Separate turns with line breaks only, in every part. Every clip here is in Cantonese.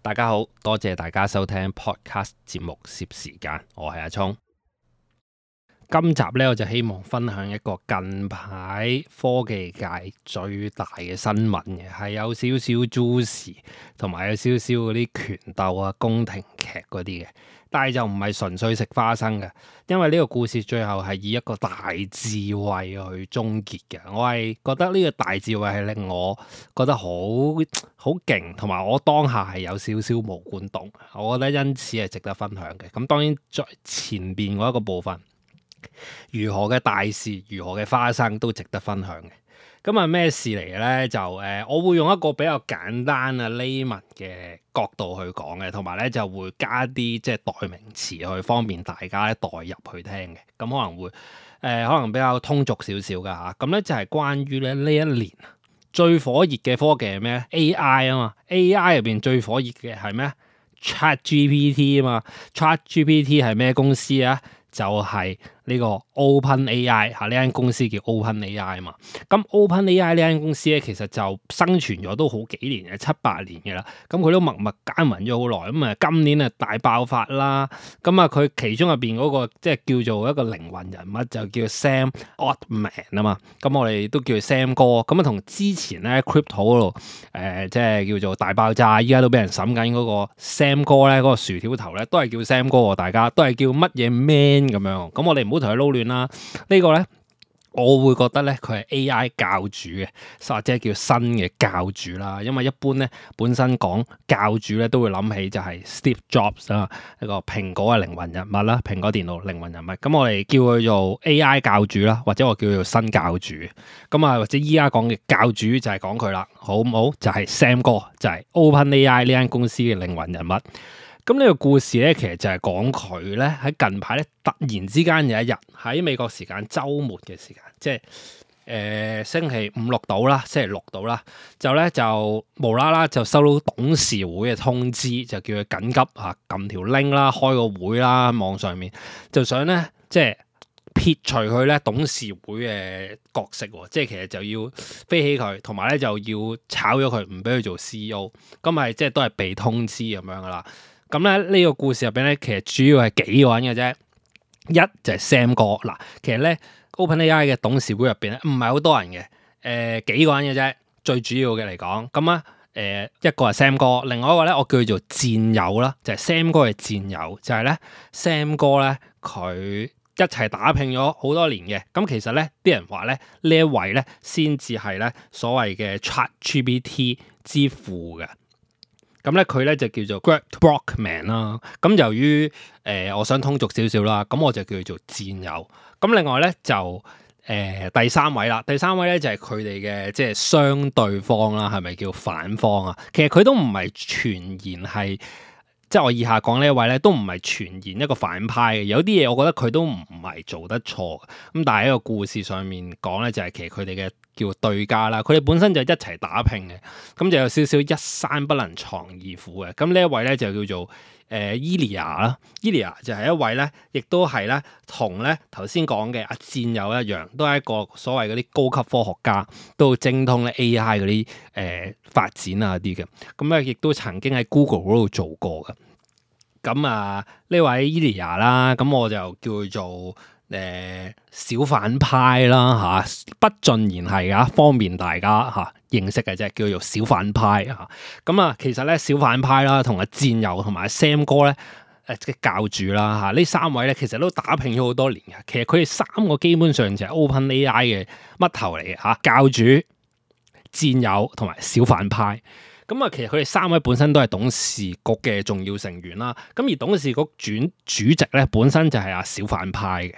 大家好，多謝大家收聽 Podcast 節目《攝時間》，我，我係阿聰。今集呢，我就希望分享一個近排科技界最大嘅新聞嘅，係有少少 juicy，同埋有少少嗰啲權鬥啊、宮廷劇嗰啲嘅，但係就唔係純粹食花生嘅，因為呢個故事最後係以一個大智慧去終結嘅。我係覺得呢個大智慧係令我覺得好好勁，同埋我當下係有少少毛管戙，我覺得因此係值得分享嘅。咁當然最前面嗰一個部分，如何嘅大事，如何嘅花生都值得分享嘅。咁啊，咩事嚟咧？就誒、呃，我會用一個比較簡單啊、layman 嘅角度去講嘅，同埋咧就會加啲即係代名詞去方便大家咧代入去聽嘅。咁可能會誒、呃，可能比較通俗少少噶吓。咁咧就係關於咧呢一年最火熱嘅科技係咩？AI 啊嘛，AI 入邊最火熱嘅係咩？ChatGPT 啊嘛，ChatGPT 係咩公司啊？就係、是。呢個 OpenAI 吓，呢間公司叫 OpenAI 嘛。咁 OpenAI 呢間公司咧，其實就生存咗都好幾年嘅，七八年嘅啦。咁佢都默默耕耘咗好耐，咁啊今年啊大爆發啦。咁啊佢其中入邊嗰個即係叫做一個靈魂人物，就叫 Sam Altman 啊嘛。咁我哋都叫 Sam 哥。咁啊同之前咧 Crypto 嗰度誒，即係叫做大爆炸，依家都俾人審緊嗰個 Sam 哥咧，嗰、嗰個薯條頭咧，都係叫 Sam 哥、啊、大家都係叫乜嘢 Man 咁樣。咁我哋唔好同佢撈亂啦，這個、呢個咧我會覺得咧佢係 AI 教主嘅，或者叫新嘅教主啦。因為一般咧本身講教主咧都會諗起就係 Steve Jobs 啊，一個蘋果嘅靈魂人物啦，蘋果電腦靈魂人物。咁我哋叫佢做 AI 教主啦，或者我叫佢做新教主。咁啊，或者依家講嘅教主就係講佢啦，好唔好？就係、是、Sam 哥，就係、是、OpenAI 呢間公司嘅靈魂人物。咁呢個故事咧，其實就係講佢咧喺近排咧突然之間有一日喺美國時間周末嘅時間，即係誒、呃、星期五六到啦，星期六到啦，就咧就無啦啦就收到董事會嘅通知，就叫佢緊急吓撳、啊、條 link 啦，開個會啦，網上面就想咧即係撇除佢咧董事會嘅角色，即係其實就要飛起佢，同埋咧就要炒咗佢，唔俾佢做 CEO，咁係即係都係被通知咁樣噶啦。咁咧呢個故事入邊咧，其實主要係幾個人嘅啫。一就係、是、Sam 哥嗱，其實咧 OpenAI 嘅董事會入邊咧，唔係好多人嘅，誒、呃、幾個人嘅啫。最主要嘅嚟講，咁啊誒一個係 Sam 哥，另外一個咧我叫佢做戰友啦，就係 Sam 哥嘅戰友，就係、是、咧 Sam 哥咧佢、就是、一齊打拼咗好多年嘅。咁其實咧啲人話咧呢一位咧先至係咧所謂嘅 ChatGPT 之父嘅。咁咧佢咧就叫做 Greg Brockman 啦。咁由於誒我想通俗少少啦，咁我就叫做戰友。咁另外咧就誒第三位啦，第三位咧就係佢哋嘅即係相對方啦，係咪叫反方啊？其實佢都唔係全然，係即係我以下講呢一位咧，都唔係全然一個反派嘅。有啲嘢我覺得佢都唔係做得錯。咁但係喺個故事上面講咧，就係、是、其實佢哋嘅。叫對家啦，佢哋本身就一齊打拼嘅，咁就有少少一山不能藏二虎嘅。咁呢一位咧就叫做誒 Ilya 啦，Ilya 就係一位咧，亦都係咧同咧頭先講嘅阿戰友一樣，都係一個所謂嗰啲高級科學家，都精通咧 AI 嗰啲誒發展啊啲嘅。咁咧亦都曾經喺 Google 嗰度做過嘅。咁啊呢位 Ilya 啦，咁我就叫佢做，誒、欸，小反派啦吓、啊，不盡然係啊，方便大家吓、啊、認識嘅啫，叫做小反派啊。咁啊，其實咧小反派啦，同阿、啊、戰友同埋、啊、Sam 哥咧，誒、啊、嘅教主啦吓，呢、啊、三位咧其實都打拼咗好多年嘅。其實佢哋三個基本上就係 OpenAI 嘅乜頭嚟嘅吓，教主、戰友同埋小反派。咁啊，啊，其實佢哋三位本身都係董事局嘅重要成員啦。咁、啊、而董事局轉主席咧，本身就係阿、啊、小反派嘅。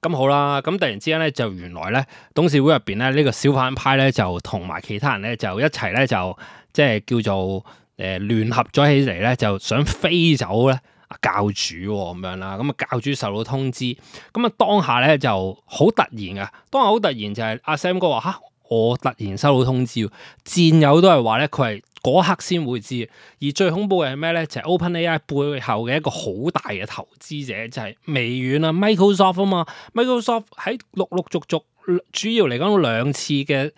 咁好啦，咁突然之間咧就原來咧董事會入邊咧呢、這個小反派咧就同埋其他人咧就一齊咧就即係叫做誒聯、呃、合咗起嚟咧就想飛走咧教主咁、哦、樣啦，咁啊教主受到通知，咁啊當下咧就好突然呀，當下好突然就係阿、啊、Sam 哥話吓、啊、我突然收到通知，戰友都係話咧佢係。嗰刻先會知，而最恐怖嘅係咩咧？就係、是、OpenAI 背後嘅一個好大嘅投資者，就係、是、微軟啊、Microsoft 啊嘛。Microsoft 喺陸陸陸續續，主要嚟講兩次嘅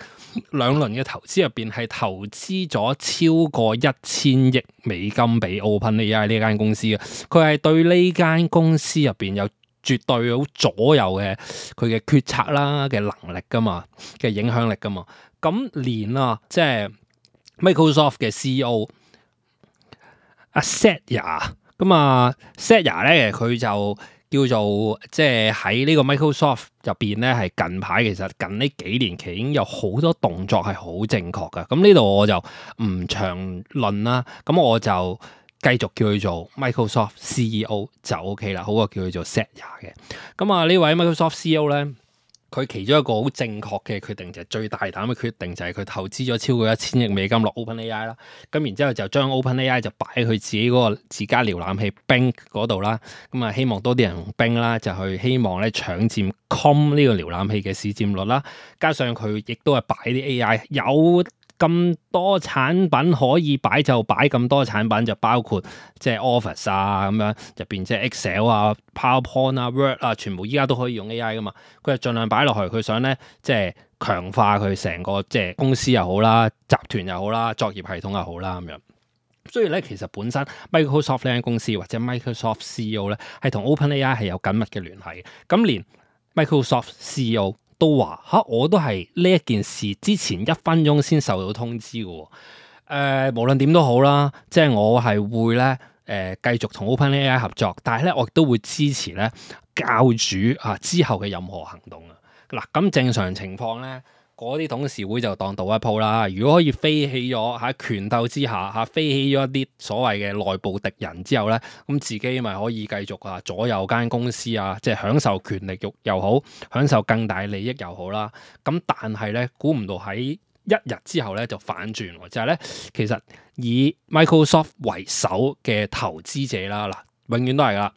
兩輪嘅投資入邊，係投資咗超過一千億美金俾 OpenAI 呢間公司嘅。佢係對呢間公司入邊有絕對好左右嘅佢嘅決策啦嘅能力㗎嘛，嘅影響力㗎嘛。咁連啊，即係。Microsoft 嘅 CEO 阿 Satya 咁啊 Satya 咧佢就叫做即係喺呢個 Microsoft 入邊咧，係近排其實近呢幾年期已經有好多動作係好正確嘅。咁呢度我就唔詳論啦，咁我就繼續叫佢做 Microsoft CEO 就 OK 啦。好過叫佢做 Satya 嘅。咁啊呢位 Microsoft CEO 咧。佢其中一個好正確嘅決定就係最大膽嘅決定，就係佢投資咗超過一千億美金落 OpenAI 啦，咁然之後就將 OpenAI 就擺喺佢自己嗰個自家瀏覽器 Bing 嗰度啦，咁啊希望多啲人用 Bing 啦，就去希望咧搶佔 Chrome 呢個瀏覽器嘅市佔率啦，加上佢亦都係擺啲 AI 有。咁多產品可以擺就擺，咁多產品就包括即係 Office 啊咁樣，入邊即係 Excel 啊、PowerPoint 啊、Word 啊，全部依家都可以用 AI 噶嘛。佢係盡量擺落去，佢想咧即係強化佢成個即係公司又好啦、集團又好啦、作業系統又好啦咁樣。所以咧，其實本身 Microsoft 呢間公司或者 Microsoft CEO 咧係同 OpenAI 係有緊密嘅聯繫。咁連 Microsoft CEO。都話嚇、啊，我都係呢一件事之前一分鐘先受到通知嘅、哦。誒、呃，無論點都好啦，即係我係會咧誒繼續同 OpenAI 合作，但係咧我亦都會支持咧教主啊之後嘅任何行動啊嗱。咁正常情況咧。嗰啲董事會就當賭一鋪啦。如果可以飛起咗喺權鬥之下嚇飛起咗一啲所謂嘅內部敵人之後咧，咁自己咪可以繼續嚇左右間公司啊，即係享受權力慾又好，享受更大利益又好啦。咁但係咧，估唔到喺一日之後咧就反轉，就係咧其實以 Microsoft 為首嘅投資者啦，嗱，永遠都係啦。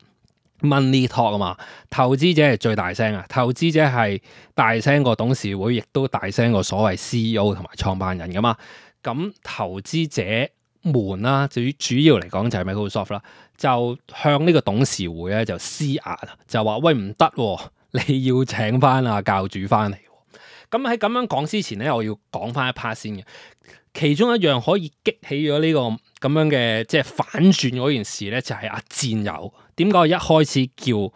Money talk 啊嘛，投資者係最大聲啊，投資者係大聲過董事會，亦都大聲過所謂 CEO 同埋創辦人噶嘛。咁投資者們啦，最主要嚟講就係 Microsoft 啦，就向呢個董事會咧就施壓，就話喂，唔得、啊，你要請翻啊，教主翻嚟。咁喺咁樣講之前咧，我要講翻一 part 先嘅。其中一樣可以激起咗呢、呢個咁樣嘅即係反轉嗰件事咧，就係、是、阿、啊、戰友。點解我一開始叫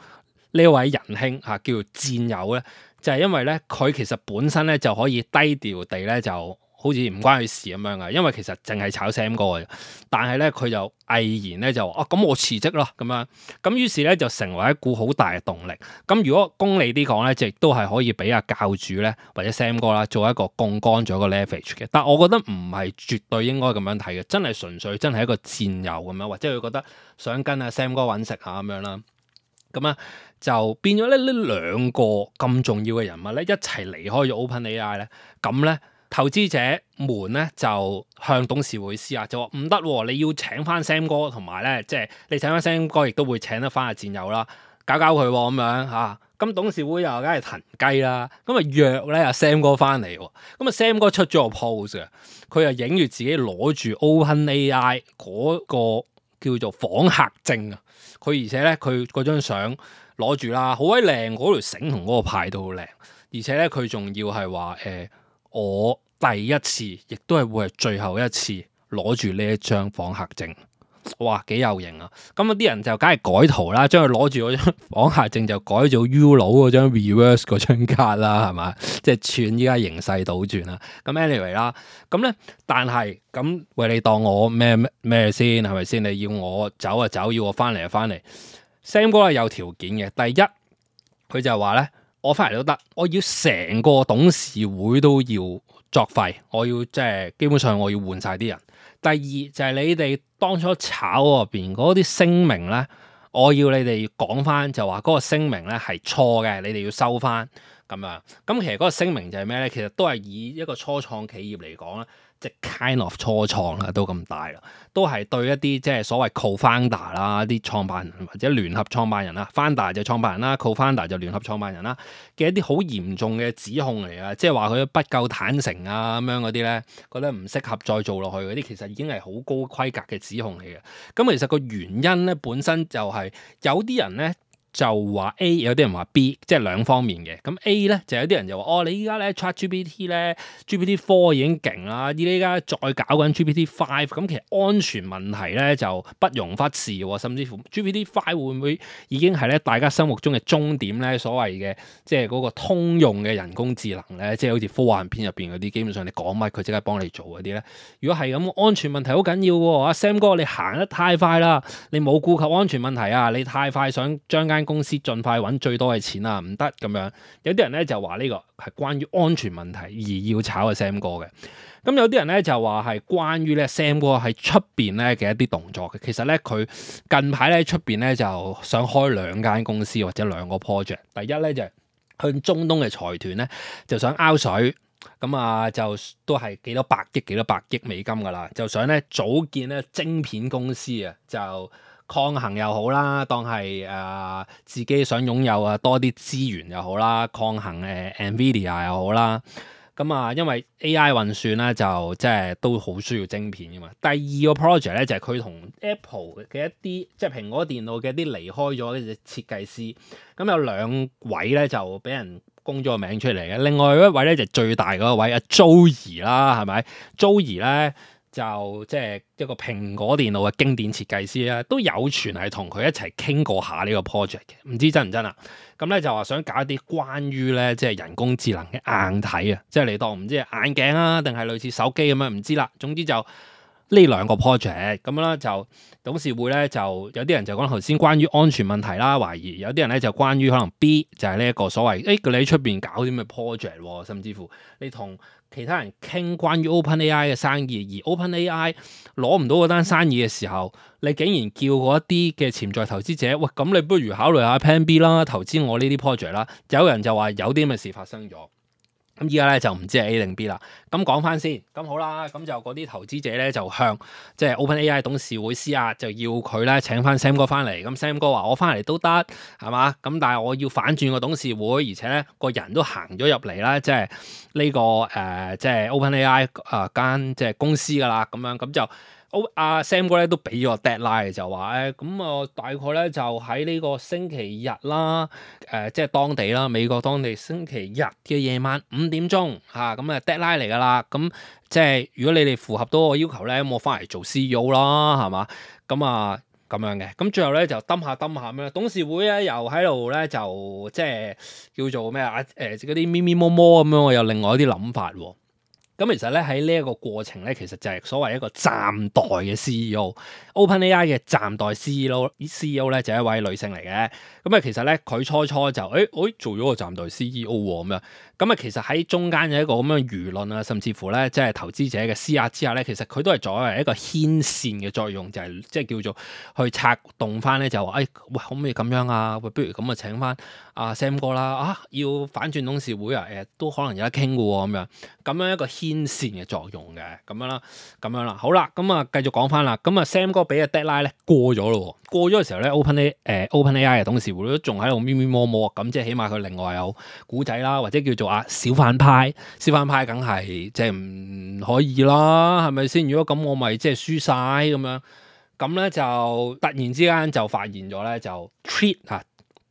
呢位仁兄嚇、啊、叫做戰友咧？就係、是、因為咧佢其實本身咧就可以低調地咧就。好似唔關佢事咁樣啊，因為其實淨係炒 Sam 哥嘅，但係咧佢就毅然咧就話啊咁我辭職咯咁樣，咁於是咧就成為一股好大嘅動力。咁如果功利啲講咧，亦都係可以俾阿教主咧或者 Sam 哥啦做一個槓桿咗個 leverage 嘅。但我覺得唔係絕對應該咁樣睇嘅，真係純粹真係一個戰友咁樣，或者佢覺得想跟阿 Sam 哥搵食下咁樣啦。咁啊就變咗咧呢兩個咁重要嘅人物咧一齊離開咗 OpenAI 咧，咁咧。投資者們咧就向董事會施壓，就話唔得喎，你要請翻 Sam 哥同埋咧，即係你請翻 Sam 哥，亦、就是、都會請得翻阿戰友啦，搞搞佢咁樣吓。咁、啊、董事會又梗係騰雞啦，咁、嗯、啊約咧阿 Sam 哥翻嚟喎。咁、嗯、啊 Sam 哥出咗個 pose 啊，佢又影住自己攞住 OpenAI 嗰個叫做訪客證啊。佢而且咧佢嗰張相攞住啦，好鬼靚，嗰條繩同嗰個牌都好靚。而且咧佢仲要係話誒我。第一次，亦都係會係最後一次攞住呢一張房客證。哇，幾有型啊！咁、嗯、啲人就梗係改圖啦，將佢攞住嗰張房客證就改做 UNO 嗰張 reverse 嗰張卡啦，係嘛？即係串依家形勢倒轉啦。咁 anyway 啦，咁咧、啊，但係咁、嗯、喂，你當我咩咩咩先係咪先？你要我走就走，要我翻嚟就翻嚟。Sam 哥係有條件嘅，第一佢就話咧，我翻嚟都得，我要成個董事會都要作廢，我要即係基本上我要換晒啲人。第二就係你哋當初炒嗰入邊嗰啲聲明咧，我要你哋講翻就話嗰個聲明咧係錯嘅，你哋要收翻咁樣。咁其實嗰個聲明就係咩咧？其實都係以一個初創企業嚟講咧。即係 kind of 初創 founder，啦，都咁大啦，都係對一啲即係所謂 co-founder 啦，啲創辦人或者聯合創辦人啦 founder 就創辦人啦、mm hmm.，co-founder 就聯合創辦人啦嘅、mm hmm. 一啲好嚴重嘅指控嚟啊！即係話佢不夠坦誠啊，咁樣嗰啲咧，覺得唔適合再做落去嗰啲，其實已經係好高規格嘅指控嚟嘅。咁、嗯、其實個原因咧，本身就係有啲人咧。就話 A 有啲人話 B，即係兩方面嘅。咁 A 咧就有啲人就話：哦，你依家咧 ChatGPT 咧，GPT Four 已經勁啦，依家再搞緊 GPT Five，咁其實安全問題咧就不容忽視喎。甚至乎 GPT Five 會唔會已經係咧大家心目中嘅終點咧？所謂嘅即係嗰個通用嘅人工智能咧，即係好似科幻片入邊嗰啲，基本上你講乜佢即刻幫你做嗰啲咧。如果係咁，安全問題好緊要喎。阿 Sam 哥你行得太快啦，你冇顧及安全問題啊，你太快想將間公司盡快揾最多嘅錢啊，唔得咁樣。有啲人咧就話呢個係關於安全問題而要炒嘅 Sam 哥嘅。咁有啲人咧就話係關於咧 Sam 哥喺出邊咧嘅一啲動作嘅。其實咧佢近排咧出邊咧就想開兩間公司或者兩個 project。第一咧就係向中東嘅財團咧就想拗水，咁啊就都係幾多百億幾多百億美金噶啦，就想咧組建咧晶片公司啊就。抗衡又好啦，當係誒、呃、自己想擁有啊多啲資源又好啦，抗衡誒 Nvidia 又好啦。咁、嗯、啊，因為 AI 運算咧就即係都好需要晶片噶嘛。第二個 project 咧就係、是、佢同 Apple 嘅一啲即係蘋果電腦嘅啲離開咗嘅設計師。咁、嗯、有兩位咧就俾人公咗個名出嚟嘅，另外一位咧就是、最大嗰一位阿 Joey 啦，係咪 Joey 咧？就即係一個蘋果電腦嘅經典設計師啦，都有傳係同佢一齊傾過下呢個 project 嘅，唔知真唔真啦。咁咧就話想搞一啲關於咧即係人工智能嘅硬體啊，即係你當唔知係眼鏡啊，定係類似手機咁樣，唔知啦。總之就。呢兩個 project 咁樣啦，就董事會咧就有啲人就講頭先關於安全問題啦，懷疑有啲人咧就關於可能 B 就係呢一個所謂，哎，你喺出邊搞啲咩 project，甚至乎你同其他人傾關於 OpenAI 嘅生意，而 OpenAI 攞唔到嗰單生意嘅時候，你竟然叫過一啲嘅潛在投資者，喂，咁你不如考慮下 Plan B 啦，投資我呢啲 project 啦，有人就話有啲咁嘅事發生咗。咁依家咧就唔知係 A 定 B 啦。咁講翻先，咁好啦，咁就嗰啲投資者咧就向即係 OpenAI 董事會施壓，就要佢咧請翻 Sam 哥翻嚟。咁 Sam 哥話我翻嚟都得，係嘛？咁但係我要反轉個董事會，而且咧個人都行咗入嚟啦，即係呢個誒即係 OpenAI 啊間即係公司噶啦，咁樣咁就。阿 Sam 哥咧都俾咗個 deadline 就話誒，咁、哎、啊、嗯、大概咧就喺呢個星期日啦，誒、呃、即係當地啦，美國當地星期日嘅夜晚五點鐘嚇，咁啊 deadline 嚟㗎啦，咁、嗯、即係如果你哋符合到我要求咧，咁、嗯、我翻嚟做 CEO 啦，係嘛？咁、嗯、啊咁樣嘅，咁、嗯、最後咧就揼下揼下咁樣、呃，董事會咧又喺度咧就即係叫做咩啊？誒嗰啲咪咪摸摸咁樣，我有另外一啲諗法喎、哦。咁其實咧喺呢一個過程咧，其實就係所謂一個暫代嘅 CEO，OpenAI 嘅暫代 CEO，CEO 咧就係一位女性嚟嘅。咁啊，其實咧佢初初就誒，我、哎哎、做咗個暫代 CEO 咁樣。咁啊，其實喺中間有一個咁樣嘅輿論啊，甚至乎咧即係投資者嘅施壓之下咧，其實佢都係作為一個牽線嘅作用，就係即係叫做去策動翻咧就話誒、哎，喂，可唔可以咁樣啊？喂不如咁啊，請翻阿 Sam 哥啦。啊，要反轉董事會啊？誒，都可能有得傾㗎喎咁樣。咁樣一個天線嘅作用嘅咁樣啦，咁樣啦，好啦，咁啊繼續講返啦。咁、嗯、啊，Sam 哥俾個 Deadline 咧過咗咯，過咗嘅時候咧，OpenAI、呃、OpenAI 嘅董事會都仲喺度咪咪摸摸咁，即係起碼佢另外有古仔啦，或者叫做啊小反派，小反派梗係即係唔可以啦，係咪先？如果咁我咪即係輸晒咁樣咁咧，就突然之間就發現咗咧就 Twitch，啊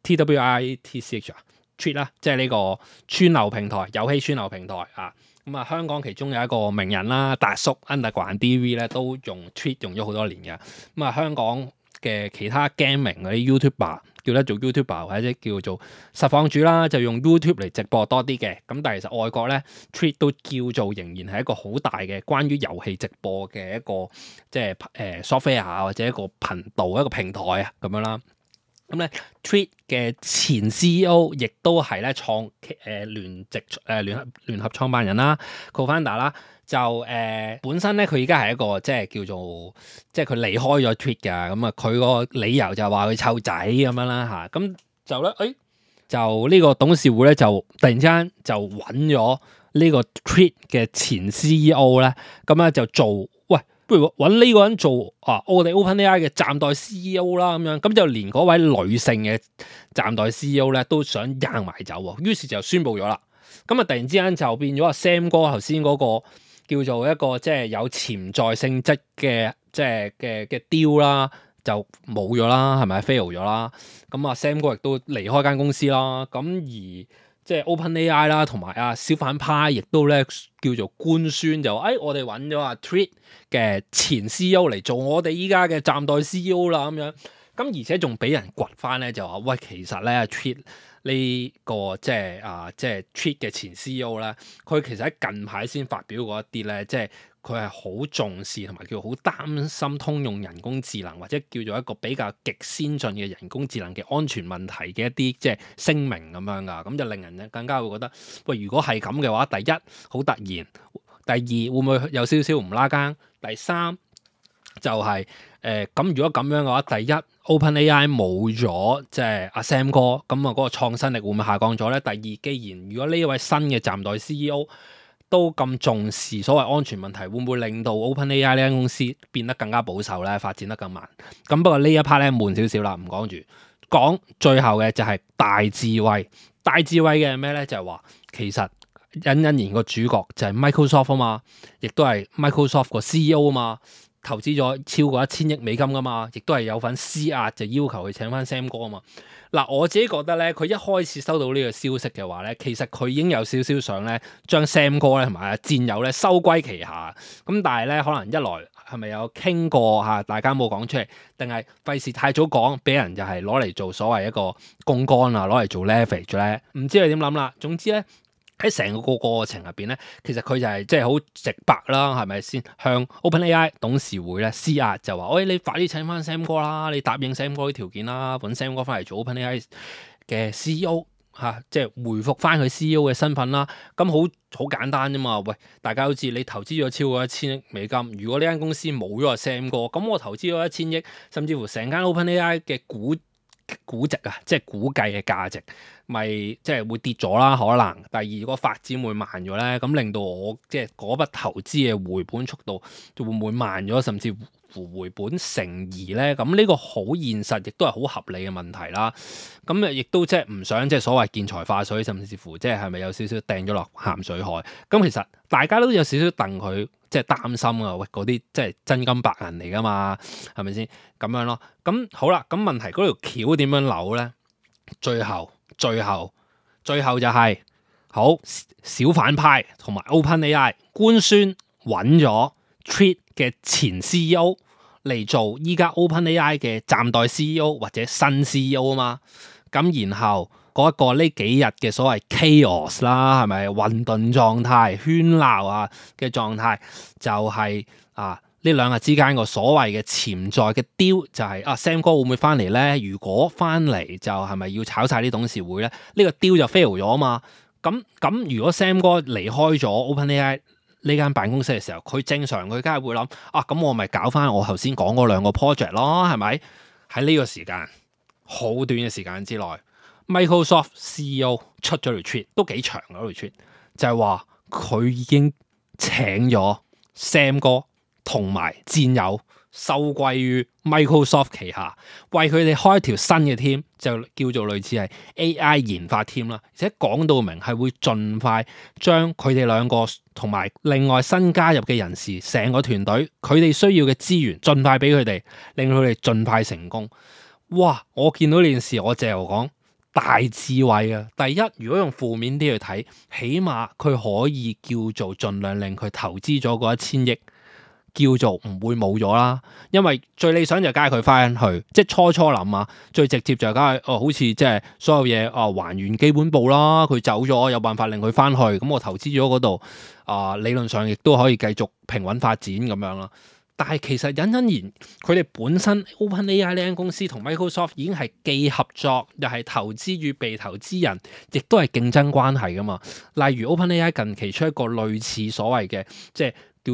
t 啊 T W I T C H 啊 Twitch 啦、啊，即係呢個串流平台遊戲串流平台啊。咁啊、嗯，香港其中有一個名人啦，達叔 Underground、e、TV 咧都用 Twitch 用咗好多年嘅。咁、嗯、啊，香港嘅其他 gaming 嗰啲 YouTuber，叫得做 YouTuber 或者叫做實況主啦，就用 YouTube 嚟直播多啲嘅。咁、嗯、但係其實外國咧 Twitch 都叫做仍然係一個好大嘅關於遊戲直播嘅一個即係誒 Sophia 或者一個頻道一個平台啊咁樣啦。咁咧、嗯、Twitch 嘅前 CEO 亦都係咧創誒聯席誒聯合聯合創辦人啦、啊，co-founder 啦、啊，就誒、呃、本身咧佢而家係一個即係叫做即係佢離開咗 Twitch 嘅，咁啊佢個理由就話佢湊仔咁樣啦嚇，咁就咧誒就呢、哎、就個董事會咧就突然之間就揾咗呢個 Twitch 嘅前 CEO 咧，咁、嗯、咧就做。搵呢個人做啊，我哋 OpenAI 嘅站代 CEO 啦，咁樣，咁就連嗰位女性嘅站代 CEO 咧都想扔埋走，於是就宣布咗啦。咁啊，突然之間就變咗啊，Sam 哥頭先嗰個叫做一個即係有潛在性質嘅即係嘅嘅 deal 啦，就冇咗啦，係咪 fail 咗啦？咁啊，Sam 哥亦都離開間公司啦。咁而即係 OpenAI 啦，同埋啊小粉派亦都咧叫做官宣就，誒、哎、我哋揾咗阿 Twitch 嘅前 CEO 嚟做我哋依家嘅暫代 CEO 啦咁樣，咁而且仲俾人掘翻咧就話，喂，其實咧 Twitch 呢、這個即係啊即係 Twitch 嘅前 CEO 咧，佢其實喺近排先發表過一啲咧即係。佢係好重視同埋叫好擔心通用人工智能或者叫做一個比較極先進嘅人工智能嘅安全問題嘅一啲即係聲明咁樣噶，咁就令人更加會覺得喂，如果係咁嘅話，第一，好突然，第二，會唔會有少少唔拉更，第三，就係誒咁如果咁樣嘅話，第一 OpenAI 冇咗即係阿 Sam 哥，咁啊嗰個創新力會唔會下降咗咧？第二，既然如果呢一位新嘅暫代 CEO 都咁重視所謂安全問題，會唔會令到 OpenAI 呢間公司變得更加保守呢？發展得更慢？咁不過呢一 part 咧悶少少啦，唔講住。講最後嘅就係大智慧，大智慧嘅咩呢？就係話其實隱隱然個主角就係 Microsoft 啊嘛，亦都係 Microsoft 個 CEO 啊嘛，投資咗超過一千億美金噶嘛，亦都係有份施壓就要求佢請翻 Sam 哥啊嘛。嗱，我自己覺得咧，佢一開始收到呢個消息嘅話咧，其實佢已經有少少想咧，將 Sam 哥咧同埋戰友咧收歸旗下。咁但係咧，可能一來係咪有傾過吓？大家冇講出嚟，定係費事太早講，俾人就係攞嚟做所謂一個槓桿啊，攞嚟做 leverage 咧？唔知你點諗啦？總之咧。喺成個個過程入邊咧，其實佢就係即係好直白啦，係咪先向 OpenAI 董事會咧施壓，就話：喂，你快啲請翻 Sam 哥啦，你答應 Sam 哥啲條件啦，揾 Sam 哥翻嚟做 OpenAI 嘅 CEO 嚇，啊，即係回覆翻佢 CEO 嘅身份啦。咁好好簡單啫嘛。喂，大家都知你投資咗超過一千億美金，如果呢間公司冇咗 Sam 哥，咁我投資咗一千億，甚至乎成間 OpenAI 嘅股。估值啊，即係估計嘅價值，咪即係會跌咗啦。可能第二個發展會慢咗咧，咁令到我即係嗰筆投資嘅回本速度就會唔會慢咗，甚至乎回本成疑咧？咁、這、呢個好現實，亦都係好合理嘅問題啦。咁啊，亦都即係唔想即係所謂見財化水，甚至乎即係係咪有少少掟咗落鹹水海？咁其實大家都有少少掟佢。即係擔心啊，喂，嗰啲即係真金白銀嚟噶嘛，係咪先咁樣咯？咁好啦，咁問題嗰條橋點樣扭咧？最後、最後、最後就係、是、好小，小反派同埋 OpenAI 官宣揾咗 Twitch 嘅前 CEO 嚟做依家 OpenAI 嘅暫代 CEO 或者新 CEO 啊嘛，咁然後。嗰一個呢幾日嘅所謂 chaos 啦，係咪混沌狀態、喧鬧啊嘅狀態，就係、是、啊呢兩日之間個所謂嘅潛在嘅 deal、就是，就係啊 Sam 哥會唔會翻嚟咧？如果翻嚟，就係咪要炒晒啲董事會咧？呢、這個 deal 就 fail 咗啊嘛。咁、啊、咁、啊，如果 Sam 哥離開咗 OpenAI 呢間辦公室嘅時候，佢正常佢梗係會諗啊，咁、啊啊、我咪搞翻我頭先講嗰兩個 project 咯，係咪喺呢個時間好短嘅時間之內？Microsoft CEO 出咗條 tweet 都幾長嗰條 tweet 就係話佢已經請咗 Sam 哥同埋戰友，收歸於 Microsoft 旗下，為佢哋開一條新嘅 team 就叫做類似係 AI 研發 team 啦。而且講到明係會盡快將佢哋兩個同埋另外新加入嘅人士成個團隊佢哋需要嘅資源盡快俾佢哋，令佢哋盡快成功。哇！我見到呢件事，我借由講。大智慧啊！第一，如果用負面啲去睇，起碼佢可以叫做盡量令佢投資咗嗰一千億叫做唔會冇咗啦。因為最理想就梗係佢翻去，即係初初諗啊。最直接就係、是、哦、呃，好似即係所有嘢哦、呃、還原基本步啦。佢走咗，有辦法令佢翻去，咁我投資咗嗰度啊，理論上亦都可以繼續平穩發展咁樣啦。但係其實隱隱然，佢哋本身 OpenAI 呢間公司同 Microsoft 已經係既合作又係投資與被投資人，亦都係競爭關係㗎嘛。例如 OpenAI 近期出一個類似所謂嘅，即係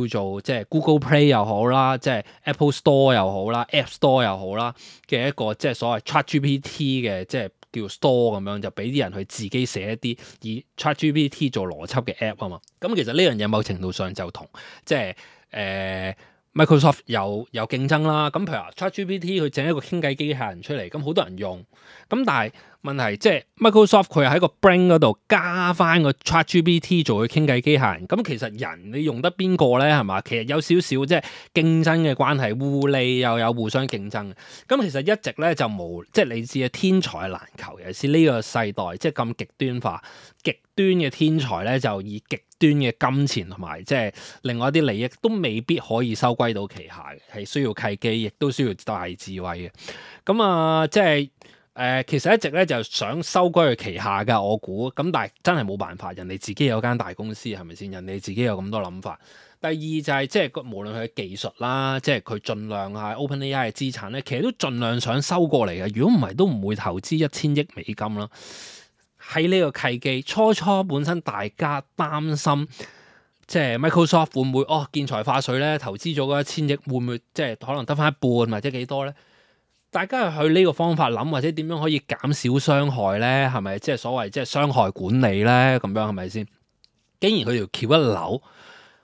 叫做即係 Google Play 又好啦，即係 Apple Store 又好啦，App Store 又好啦嘅一個即係所謂 ChatGPT 嘅即係叫做 Store 咁樣，就俾啲人去自己寫一啲以 ChatGPT 做邏輯嘅 App 啊嘛。咁其實呢樣嘢某程度上就同即係誒，欸 Microsoft 有有競爭啦，咁譬如話 ChatGPT 佢整一個傾偈機械人出嚟，咁好多人用，咁但係。問題即係 Microsoft 佢係喺個 Bing 嗰度加翻個 ChatGPT 做佢傾偈機械人，咁其實人你用得邊個咧係嘛？其實有少少即係競爭嘅關係，互利又有互相競爭。咁其實一直咧就冇，即係你知啊，天才難求，尤其是呢個世代即係咁極端化、極端嘅天才咧，就以極端嘅金錢同埋即係另外一啲利益都未必可以收歸到旗下嘅，係需要契機，亦都需要大智慧嘅。咁啊，即係。誒其實一直咧就想收歸佢旗下㗎，我估咁，但係真係冇辦法，人哋自己有間大公司，係咪先？人哋自己有咁多諗法。第二就係、係、即係無論佢嘅技術啦，即係佢盡量啊，OpenAI 嘅資產咧，其實都盡量想收過嚟嘅。如果唔係，都唔會投資一千億美金啦。喺呢個契機，初初本身大家擔心即係 Microsoft 會唔會哦見財化水咧，投資咗嗰一千億，會唔會即係可能得返一半或者幾多咧？大家去呢個方法諗，或者點樣可以減少傷害咧？係咪即係所謂即係傷害管理咧？咁樣係咪先？竟然佢條橋一扭，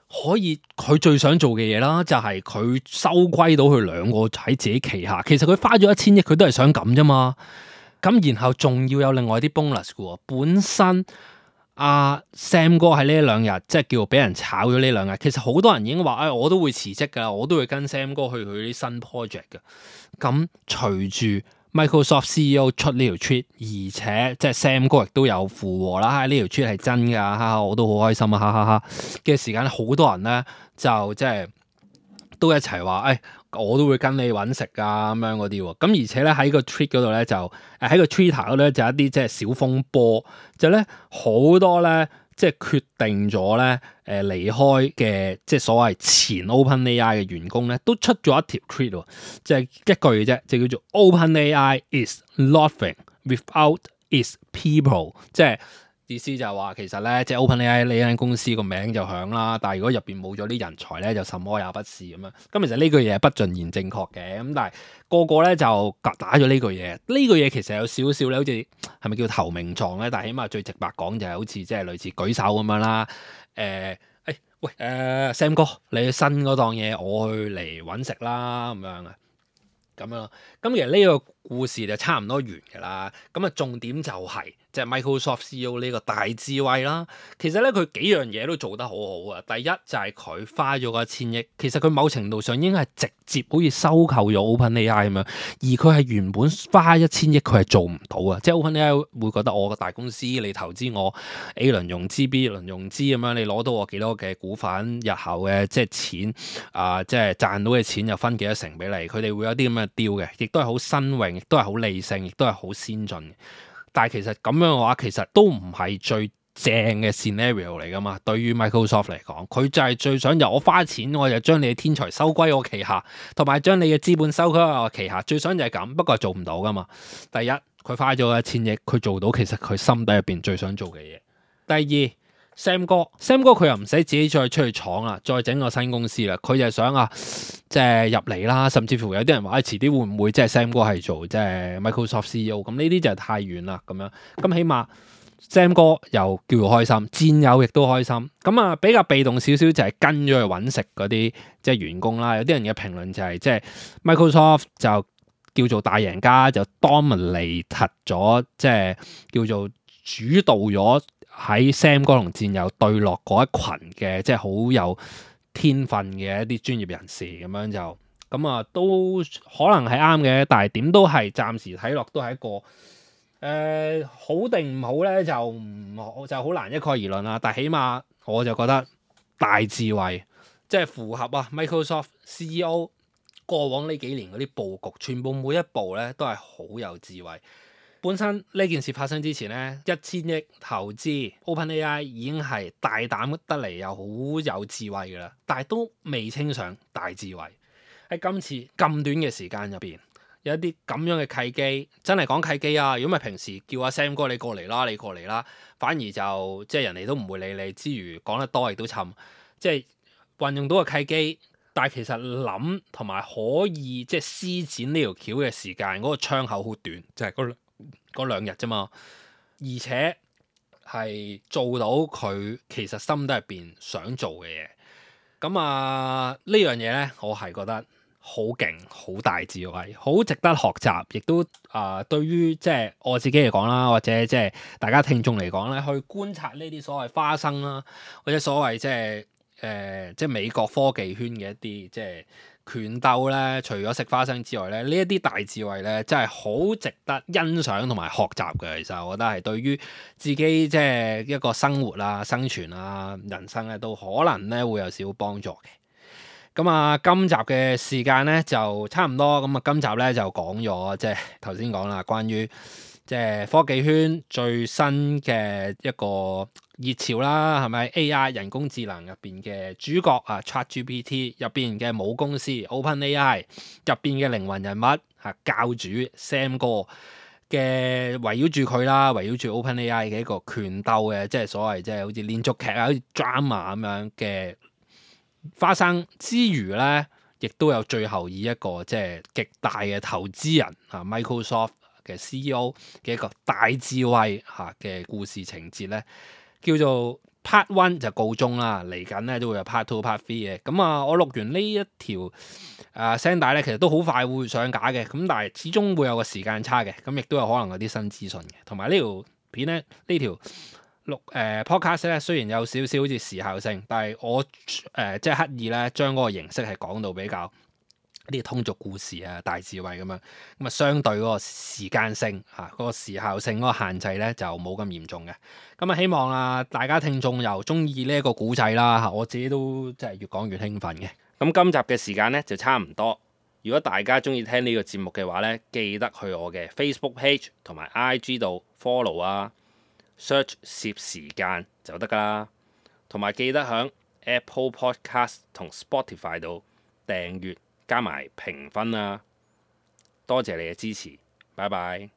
可以佢最想做嘅嘢啦，就係佢收歸到佢兩個喺自己旗下。其實佢花咗一千億，佢都係想咁啫嘛。咁然後仲要有另外啲 bonus 嘅，本身。阿、uh, Sam 哥喺呢兩日即係叫俾人炒咗呢兩日，其實好多人已經話，哎，我都會辭職噶，我都會跟 Sam 哥去佢啲新 project 噶。咁隨住 Microsoft CEO 出呢條 tweet，而且即係 Sam 哥亦都有附和啦，呢、哎、條 tweet 係真噶，我都好開心啊！哈哈哈嘅時間，好多人咧就即係都一齊話，哎。我都會跟你揾食啊，咁樣嗰啲喎，咁而且咧喺個 tweet 嗰度咧就誒喺個 Twitter 嗰咧就有一啲即係小風波，就咧、是、好多咧即係決定咗咧誒離開嘅即係所謂前 OpenAI 嘅員工咧都出咗一條 tweet 喎，即、就、係、是、一句嘅啫，就叫做 OpenAI is nothing without its people，即係。意思就係話，其實咧，即 OpenAI 呢間公司個名就響啦，但係如果入邊冇咗啲人才咧，就什麼也不是咁樣。咁其實呢句嘢不盡然正確嘅，咁但係個個咧就打咗呢句嘢。呢句嘢其實有少少咧，好似係咪叫投名狀咧？但係起碼最直白講就係好似即係類似舉手咁樣啦。誒、欸，誒喂，誒、呃、Sam 哥，你去新嗰檔嘢，我去嚟揾食啦咁樣。咁樣咯，咁其實呢個故事就差唔多完㗎啦。咁啊，重點就係、是。即係 Microsoft CEO 呢個大智慧啦，其實咧佢幾樣嘢都做得好好啊！第一就係佢花咗個千億，其實佢某程度上應該係直接好似收購咗 OpenAI 咁樣，而佢係原本花一千億，佢係做唔到啊。即係 OpenAI 會覺得我個大公司，你投資我 A 輪融資 B 輪融資咁樣，你攞到我幾多嘅股份，日後嘅即係錢啊，即係賺、呃、到嘅錢又分幾多成俾你，佢哋會有啲咁嘅雕嘅，亦都係好新穎，亦都係好理性，亦都係好先進嘅。但係其實咁樣嘅話，其實都唔係最正嘅 scenario 嚟㗎嘛。對於 Microsoft 嚟講，佢就係最想由我花錢，我就將你嘅天才收歸我旗下，同埋將你嘅資本收歸我旗下。最想就係咁，不過做唔到㗎嘛。第一，佢花咗一千億，佢做到其實佢心底入邊最想做嘅嘢。第二。Sam 哥，Sam 哥佢又唔使自己再出去闖啦，再整個新公司啦，佢就係想啊，即係入嚟啦，甚至乎有啲人話啊，遲啲會唔會即係 Sam 哥係做即係 Microsoft CEO？咁呢啲就太遠啦，咁樣，咁起碼 Sam 哥又叫做開心，戰友亦都開心，咁啊比較被動少少就係跟咗去揾食嗰啲即係員工啦，有啲人嘅評論就係即係 Microsoft 就叫做大贏家，就 dominate 咗，即係叫做主導咗。喺 Sam 哥同戰友對落嗰一群嘅，即係好有天分嘅一啲專業人士咁樣就，咁啊都可能係啱嘅，但係點都係暫時睇落都係一個，誒、呃、好定唔好咧就唔就好難一概而論啦、啊。但係起碼我就覺得大智慧，即係符合啊 Microsoft CEO 過往呢幾年嗰啲佈局，全部每一步咧都係好有智慧。本身呢件事發生之前呢，一千億投資 OpenAI 已經係大膽得嚟又好有智慧噶啦，但係都未稱上大智慧。喺今次咁短嘅時間入邊，有一啲咁樣嘅契機，真係講契機啊！如果唔係平時叫阿 Sam 哥你過嚟啦，你過嚟啦，反而就即係人哋都唔會理你，之餘講得多亦都沉，即係運用到個契機，但係其實諗同埋可以即係施展呢條橋嘅時間嗰個窗口好短，就係嗰。嗰兩日啫嘛，而且係做到佢其實心底入邊想做嘅嘢，咁啊呢樣嘢咧，我係覺得好勁、好大智慧、好值得學習，亦都啊、呃、對於即係我自己嚟講啦，或者即係大家聽眾嚟講咧，去觀察呢啲所謂花生啦，或者所謂即係誒、呃、即係美國科技圈嘅一啲即係。權鬥咧，除咗食花生之外咧，呢一啲大智慧咧，真係好值得欣賞同埋學習嘅。其實我覺得係對於自己即係一個生活啊、生存啊、人生咧、啊，都可能咧會有少少幫助嘅。咁、嗯、啊，今集嘅時間咧就差唔多，咁啊，今集咧就講咗即係頭先講啦，關於，即係科技圈最新嘅一個熱潮啦，係咪？AI 人工智能入邊嘅主角啊，ChatGPT 入邊嘅母公司 OpenAI 入邊嘅靈魂人物吓，教主 Sam 哥嘅圍繞住佢啦，圍繞住 OpenAI 嘅一個權鬥嘅，即係所謂即係好似連續劇啊，好似 drama 咁樣嘅花生之餘咧，亦都有最後以一個即係極大嘅投資人啊 Microsoft 嘅 CEO 嘅一個大智慧嚇嘅故事情節咧，叫做 Part One 就告終啦。嚟緊咧都會有 Part Two、Part Three 嘅。咁啊，我錄完呢一條誒、啊、聲帶咧，其實都好快會上架嘅。咁但係始終會有個時間差嘅。咁亦都有可能有啲新資訊嘅。同埋呢條片咧，呢條錄誒、呃、Podcast 咧，雖然有少少好似時效性，但係我誒、呃、即係刻意咧將嗰個形式係講到比較呢啲通俗故事啊，大智慧咁樣咁啊，相對嗰個時間性嚇，嗰個時效性嗰個限制咧就冇咁嚴重嘅。咁啊，希望啊，大家聽眾又中意呢個古仔啦嚇，我自己都真係越講越興奮嘅。咁今集嘅時間咧就差唔多。如果大家中意聽呢個節目嘅話咧，記得去我嘅 Facebook page 同埋 I G 度 follow 啊，search 攝時間就得㗎啦。同埋記得響 Apple Podcast 同 Spotify 度訂閱。加埋評分啦，多謝你嘅支持，拜拜。